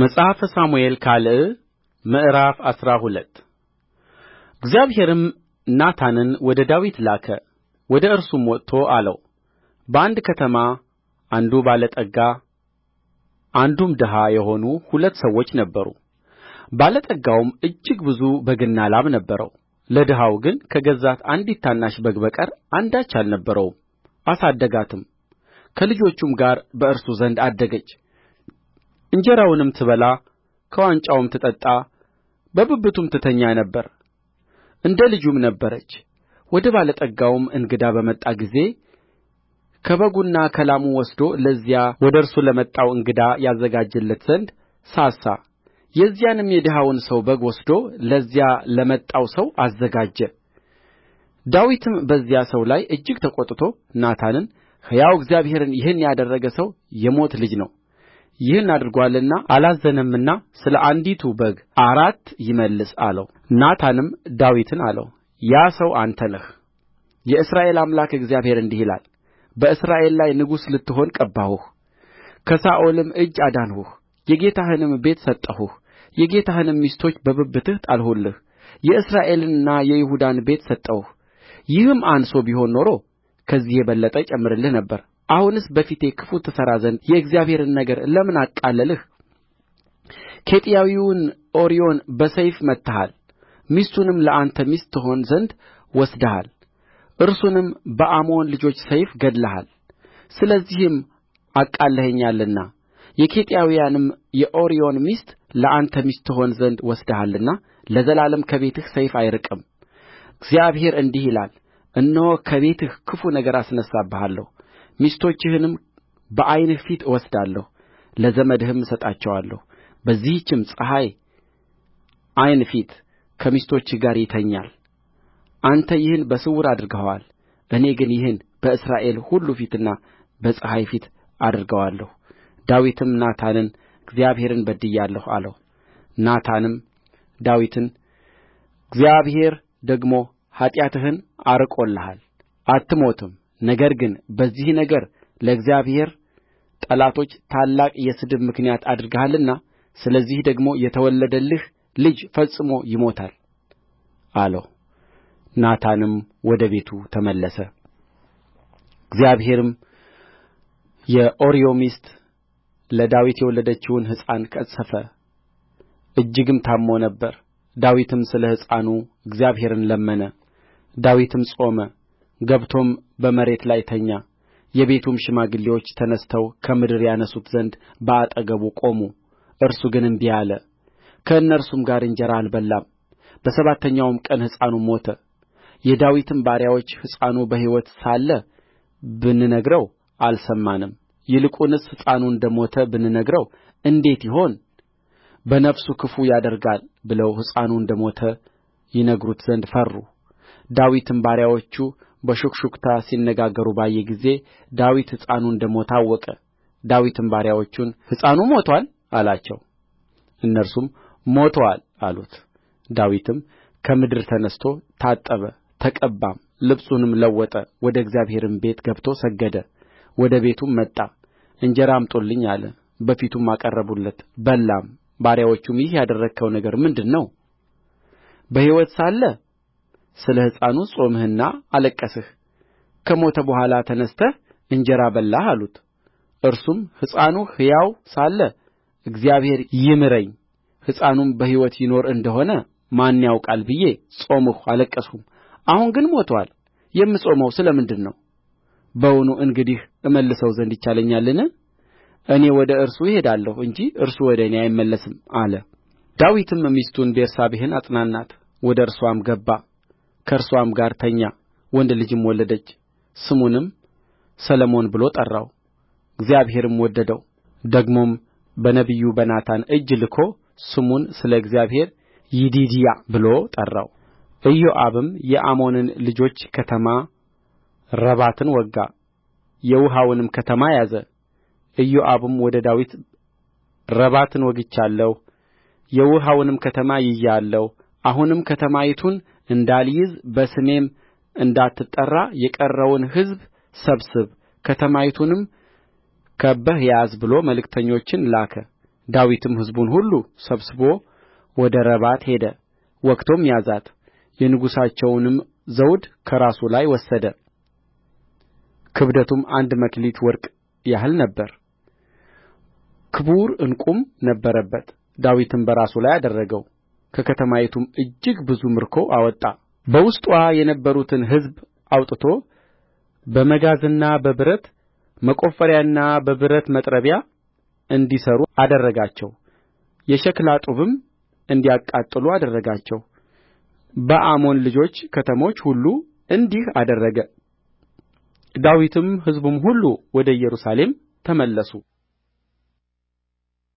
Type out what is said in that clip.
መጽሐፈ ሳሙኤል ካል ምዕራፍ አስራ ሁለት እግዚአብሔርም ናታንን ወደ ዳዊት ላከ። ወደ እርሱም ወጥቶ አለው፣ በአንድ ከተማ አንዱ ባለጠጋ አንዱም ድሃ የሆኑ ሁለት ሰዎች ነበሩ። ባለጠጋውም እጅግ ብዙ በግና ላም ነበረው። ለድሃው ግን ከገዛት አንዲት ታናሽ በግ በቀር አንዳች አልነበረውም። አሳደጋትም፣ ከልጆቹም ጋር በእርሱ ዘንድ አደገች። እንጀራውንም ትበላ ከዋንጫውም ትጠጣ በብብቱም ትተኛ ነበር እንደ ልጁም ነበረች ወደ ባለጠጋውም እንግዳ በመጣ ጊዜ ከበጉና ከላሙ ወስዶ ለዚያ ወደ እርሱ ለመጣው እንግዳ ያዘጋጅለት ዘንድ ሳሳ የዚያንም የድሀውን ሰው በግ ወስዶ ለዚያ ለመጣው ሰው አዘጋጀ ዳዊትም በዚያ ሰው ላይ እጅግ ተቈጥቶ ናታንን ሕያው እግዚአብሔርን ይህን ያደረገ ሰው የሞት ልጅ ነው ይህን አድርጎአልና አላዘነምና ስለ አንዲቱ በግ አራት ይመልስ አለው ናታንም ዳዊትን አለው ያ ሰው አንተ ነህ የእስራኤል አምላክ እግዚአብሔር እንዲህ ይላል በእስራኤል ላይ ንጉሥ ልትሆን ቀባሁህ ከሳኦልም እጅ አዳንሁህ የጌታህንም ቤት ሰጠሁህ የጌታህንም ሚስቶች በብብትህ ጣልሁልህ የእስራኤልንና የይሁዳን ቤት ሰጠሁህ ይህም አንሶ ቢሆን ኖሮ ከዚህ የበለጠ እጨምርልህ ነበር አሁንስ በፊቴ ክፉ ትሠራ ዘንድ የእግዚአብሔርን ነገር ለምን አቃለልህ ኬጢያዊውን ኦርዮን በሰይፍ መትተሃል ሚስቱንም ለአንተ ሚስት ትሆን ዘንድ ወስደሃል እርሱንም በአሞን ልጆች ሰይፍ ገድለሃል ስለዚህም አቃልለኸኛልና የኬጢያውያንም የኦርዮን ሚስት ለአንተ ሚስት ትሆን ዘንድ ወስደሃልና ለዘላለም ከቤትህ ሰይፍ አይርቅም እግዚአብሔር እንዲህ ይላል እነሆ ከቤትህ ክፉ ነገር አስነሣብሃለሁ ሚስቶችህንም በዓይንህ ፊት እወስዳለሁ ለዘመድህም እሰጣቸዋለሁ በዚህችም ፀሐይ ዓይን ፊት ከሚስቶችህ ጋር ይተኛል አንተ ይህን በስውር አድርገኸዋል እኔ ግን ይህን በእስራኤል ሁሉ ፊትና በፀሐይ ፊት አደርገዋለሁ ዳዊትም ናታንን እግዚአብሔርን በድያለሁ አለው ናታንም ዳዊትን እግዚአብሔር ደግሞ ኃጢአትህን አርቆልሃል አትሞትም ነገር ግን በዚህ ነገር ለእግዚአብሔር ጠላቶች ታላቅ የስድብ ምክንያት አድርገሃልና ስለዚህ ደግሞ የተወለደልህ ልጅ ፈጽሞ ይሞታል አለው ናታንም ወደ ቤቱ ተመለሰ እግዚአብሔርም የኦርዮ ሚስት ለዳዊት የወለደችውን ሕፃን ቀሠፈ እጅግም ታምሞ ነበር ዳዊትም ስለ ሕፃኑ እግዚአብሔርን ለመነ ዳዊትም ጾመ ገብቶም በመሬት ላይ ተኛ የቤቱም ሽማግሌዎች ተነሥተው ከምድር ያነሡት ዘንድ በአጠገቡ ቆሙ እርሱ ግን እንቢ አለ ከእነርሱም ጋር እንጀራ አልበላም በሰባተኛውም ቀን ሕፃኑ ሞተ የዳዊትም ባሪያዎች ሕፃኑ በሕይወት ሳለ ብንነግረው አልሰማንም ይልቁንስ ሕፃኑ እንደ ሞተ ብንነግረው እንዴት ይሆን በነፍሱ ክፉ ያደርጋል ብለው ሕፃኑ እንደ ሞተ ይነግሩት ዘንድ ፈሩ ዳዊትም ባሪያዎቹ በሹክሹክታ ሲነጋገሩ ባየ ጊዜ ዳዊት ሕፃኑ እንደ ሞተ አወቀ ዳዊትም ባሪያዎቹን ሕፃኑ ሞቶአል አላቸው እነርሱም ሞቶአል አሉት ዳዊትም ከምድር ተነሥቶ ታጠበ ተቀባም ልብሱንም ለወጠ ወደ እግዚአብሔርም ቤት ገብቶ ሰገደ ወደ ቤቱም መጣ እንጀራ አምጡልኝ አለ በፊቱም አቀረቡለት በላም ባሪያዎቹም ይህ ያደረግኸው ነገር ምንድር ነው በሕይወት ሳለ ስለ ሕፃኑ ጾምህና አለቀስህ ከሞተ በኋላ ተነሥተህ እንጀራ በላህ አሉት እርሱም ሕፃኑ ሕያው ሳለ እግዚአብሔር ይምረኝ ሕፃኑም በሕይወት ይኖር እንደ ሆነ ማን ያውቃል ብዬ ጾምሁ አለቀስሁም አሁን ግን ሞቶአል የምጾመው ስለ ምንድር ነው በውኑ እንግዲህ እመልሰው ዘንድ ይቻለኛልን እኔ ወደ እርሱ እሄዳለሁ እንጂ እርሱ ወደ እኔ አይመለስም አለ ዳዊትም ሚስቱን ቤርሳቤህን አጽናናት ወደ እርስዋም ገባ ከእርስዋም ጋር ተኛ ወንድ ልጅም ወለደች ስሙንም ሰሎሞን ብሎ ጠራው እግዚአብሔርም ወደደው ደግሞም በነቢዩ በናታን እጅ ልኮ ስሙን ስለ እግዚአብሔር ይዲድያ ብሎ ጠራው ኢዮአብም የአሞንን ልጆች ከተማ ረባትን ወጋ የውኃውንም ከተማ ያዘ ኢዮአብም ወደ ዳዊት ረባትን ወግቻለሁ የውኃውንም ከተማ ይዤአለሁ አሁንም ከተማይቱን እንዳልይዝ በስሜም እንዳትጠራ የቀረውን ሕዝብ ሰብስብ ከተማይቱንም ከብበህ ያዝ ብሎ መልእክተኞችን ላከ ዳዊትም ሕዝቡን ሁሉ ሰብስቦ ወደ ረባት ሄደ ወግቶም ያዛት የንጉሣቸውንም ዘውድ ከራሱ ላይ ወሰደ ክብደቱም አንድ መክሊት ወርቅ ያህል ነበር ክቡር ዕንቍም ነበረበት ዳዊትም በራሱ ላይ አደረገው ከከተማይቱም እጅግ ብዙ ምርኮ አወጣ በውስጥዋ የነበሩትን ሕዝብ አውጥቶ በመጋዝና በብረት መቈፈሪያና በብረት መጥረቢያ እንዲሠሩ አደረጋቸው የሸክላ ጡብም እንዲያቃጥሉ አደረጋቸው በአሞን ልጆች ከተሞች ሁሉ እንዲህ አደረገ ዳዊትም ሕዝቡም ሁሉ ወደ ኢየሩሳሌም ተመለሱ